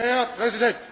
Herr Präsident!